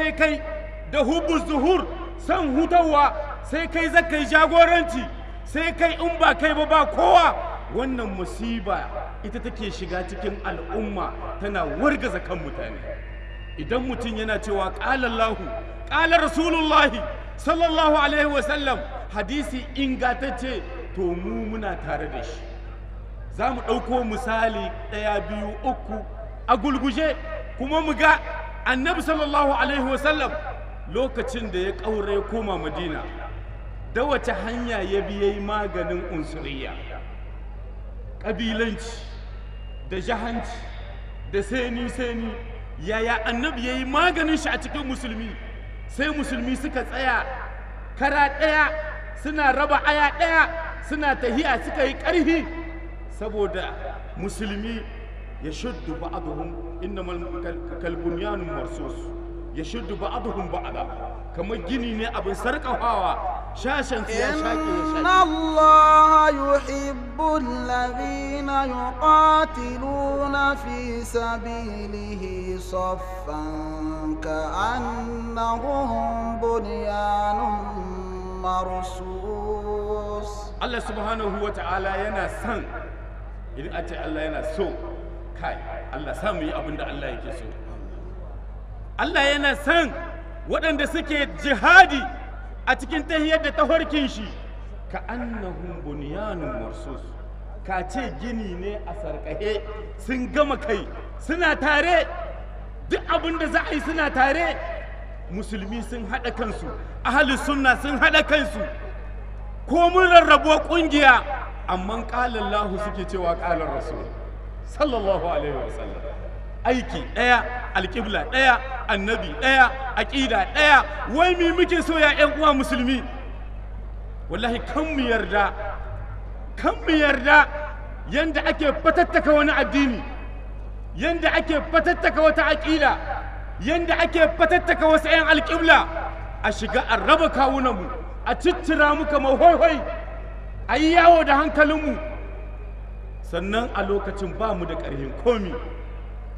sai kai da hubu zuhur san hutawa sai kai zaka yi jagoranci sai kai in ba kai ba ba kowa wannan musiba ita take shiga cikin al'umma tana wargaza kan mutane idan mutum yana cewa ƙalallahu ƙalar rasulullahi sallallahu alaihi wasallam hadisi ingantacce to mu muna tare da shi za mu ɗauko misali ɗaya biyu uku a gulguje kuma mu ga annabi sallallahu alaihi wasallam lokacin da ya ƙaure koma madina da wace hanya ya yi maganin unsuriya ƙabilanci da jahanci da seni-seni yaya annabi ya yi maganin shi a cikin musulmi sai musulmi suka tsaya kara ɗaya suna raba aya ɗaya suna tahiya suka yi ƙarfi saboda musulmi يشد بعضهم إنما كالبنيان المرصوص يشد بعضهم بعضا كما جنيني أبو سرق هوا شاشا إن الله يحب الذين يقاتلون في سبيله صفا كأنهم بنيان مرصوص الله سبحانه وتعالى ينا سن إن أتى الله ينا سوء kai Allah sa mu yi abin da Allah yake so Allah yana san waɗanda suke jihadi a cikin tahiyar da tahorkin shi ka annahum bunyanun mursus ka ce gini ne a sarƙahe sun gama kai suna tare duk abin da za a yi suna tare musulmi sun haɗa kansu ahli sunna sun haɗa kansu ko mun rarrabo ƙungiya amma ƙalallahu suke cewa ƙalar rasul sallallahu alaihi wasallam aiki ɗaya alƙibla ɗaya annabi ɗaya aƙida ɗaya wai mi muke so ya ƴan uwa musulmi wallahi kan mu yarda kan mu yarda yanda ake fatattaka wani addini yanda ake fatattaka wata aƙida yanda ake fatattaka wasu ƴan alƙibla a shiga a raba kawunanmu a ciccira mu kamar hoihoi a yi yawo da hankalinmu sannan a lokacin ba mu da ƙarfin komi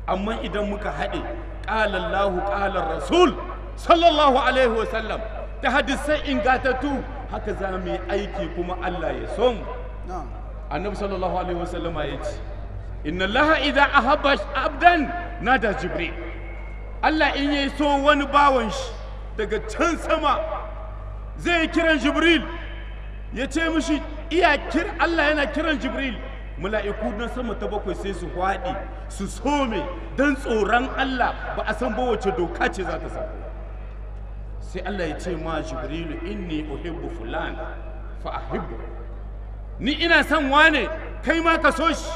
amma idan muka haɗe ƙalallahu ƙalar rasul sallallahu alaihi wasallam ta hadisai ingatattu haka za mu yi aiki kuma Allah ya so mu annabi sallallahu alaihi wasallama ya ce inna laha idan ahabba abdan na da jibril Allah in ya so wani bawan shi daga can sama zai kiran jibril ya ce mishi iya kira Allah yana kiran jibril mala'iku na sama ta bakwai sai su haɗe su some don tsoron Allah ba a san ba wace doka ce za ta sako sai Allah ya ce ma jibrilu inni uhibbu fulan fa ahibbu ni ina son wane kai ma ka so shi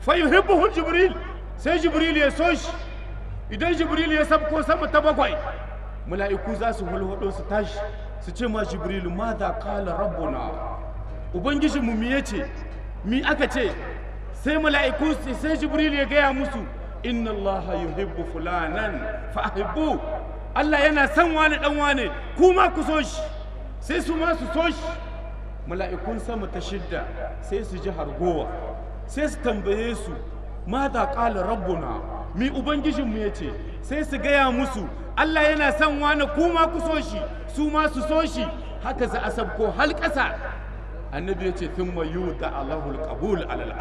fa yuhibbuhu jibril sai jibril ya so shi idan jibril ya sabko sama ta bakwai mala'iku za su hulhudo su tashi su ce ma jibrilu ma da kala rabbuna ubangijinmu me yace mi aka ce sai mala'iku sai jibril ya gaya musu inna Allah yuhibbu fulanan fa ahibbu Allah yana son wani dan wane kuma ku so shi sai su ma su so shi mala'ikun sama ta shidda sai su ji hargowa sai su tambaye su mata qala rabbuna mi mu yace sai su gaya musu Allah yana son wani kuma ku so shi su ma su so shi haka za a sabko har ƙasa annabi ya ce thumma yuda Allahul qabul alal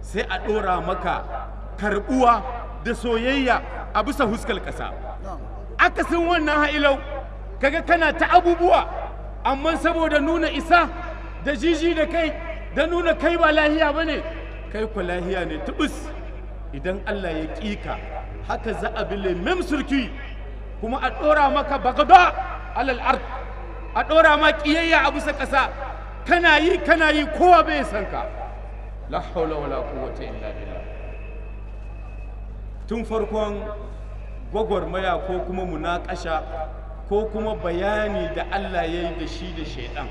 sai a ɗora maka karbuwa da soyayya a bisa huskar ƙasa akasin wannan ha'ilau kaga kana ta abubuwa amma saboda nuna isa da jiji da kai da nuna kai ba lahiya bane kai ku lahiya ne tubus idan Allah ya ƙika haka za a bi lemem surki kuma a ɗora maka bagada alal a ɗora ma ƙiyayya a bisa ƙasa kana yi kana yi kowa bai san ka la wala quwwata illa tun farkon gwagwarmaya ko kuma munakasha ko kuma bayani da Allah ya yi da shi da shaidan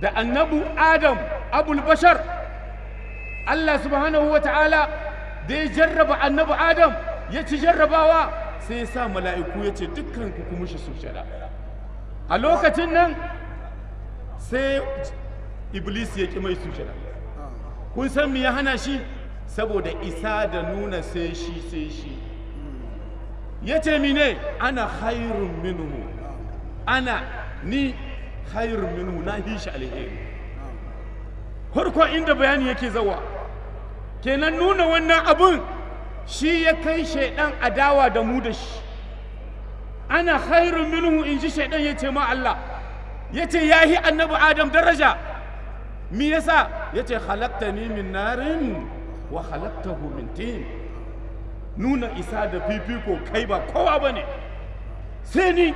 da annabu adam abul bashar Allah subhanahu wa ta'ala da ya jarraba annabu adam ya ci jarrabawa sai ya sa mala'iku ya ce dukkan ku kuma shi su shada a lokacin nan sai iblis ya ƙi mai sujada kun san mu ya hana shi saboda isa da nuna sai shi sai shi ya ce mine ana hairun minuhu ana ni hairun minuhu na hishi alheri farko inda bayani yake zawa kenan nuna wannan abun shi ya kai shaidan adawa da mu da shi ana hairun minuhu in ji shaidan ya ce ma Allah yace yahi annabi adam daraja mi yasa yace khalaqtani min narin wa khalaqtahu min tin nuna isa da fifiko kai ba kowa bane sai ni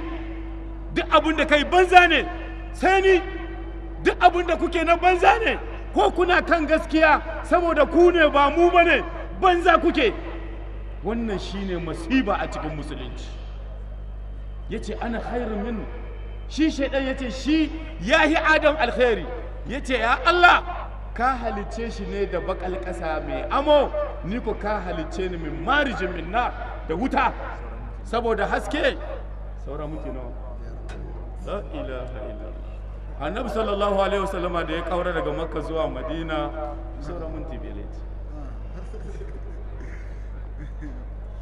duk abin da kai banza ne sai ni duk abin da kuke na banza ne ko kuna kan gaskiya saboda ku ne ba mu bane banza kuke wannan shine masiba a cikin musulunci yace ana khairun minhu shi shaidan ya ce shi ya yi adam alkhairi ya ce ya Allah ka halice shi ne da bakal ƙasa mai amo ni ko ka halice ni min marijin min na da wuta saboda haske saura muke nawa la ilaha illallah annabi sallallahu alaihi wasallama da ya kaura daga makka zuwa madina saura mun tibilit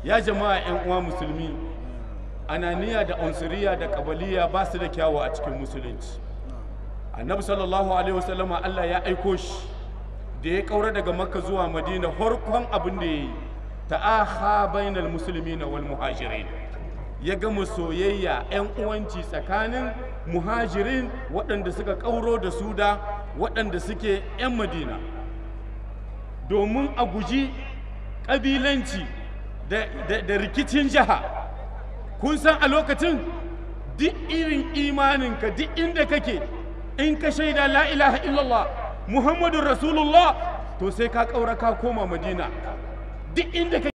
ya jama'a yan uwa musulmi ananiya da unsuriya da kabaliya ba su da kyawu a cikin musulunci annabi sallallahu alaihi wasallama Allah ya aiko shi da ya kaura daga makka zuwa madina horkon abin da ya yi ta'aha bainal na wal muhajirin ya gama soyayya 'yan uwanci tsakanin muhajirin waɗanda suka ƙauro da su da waɗanda suke 'yan madina domin a guji ƙabilanci da rikicin jiha kun san a lokacin duk irin imaninka duk inda kake in ka shaida la ilaha illallah muhammadun rasulullah to sai ka ƙaura ka koma madina duk inda kake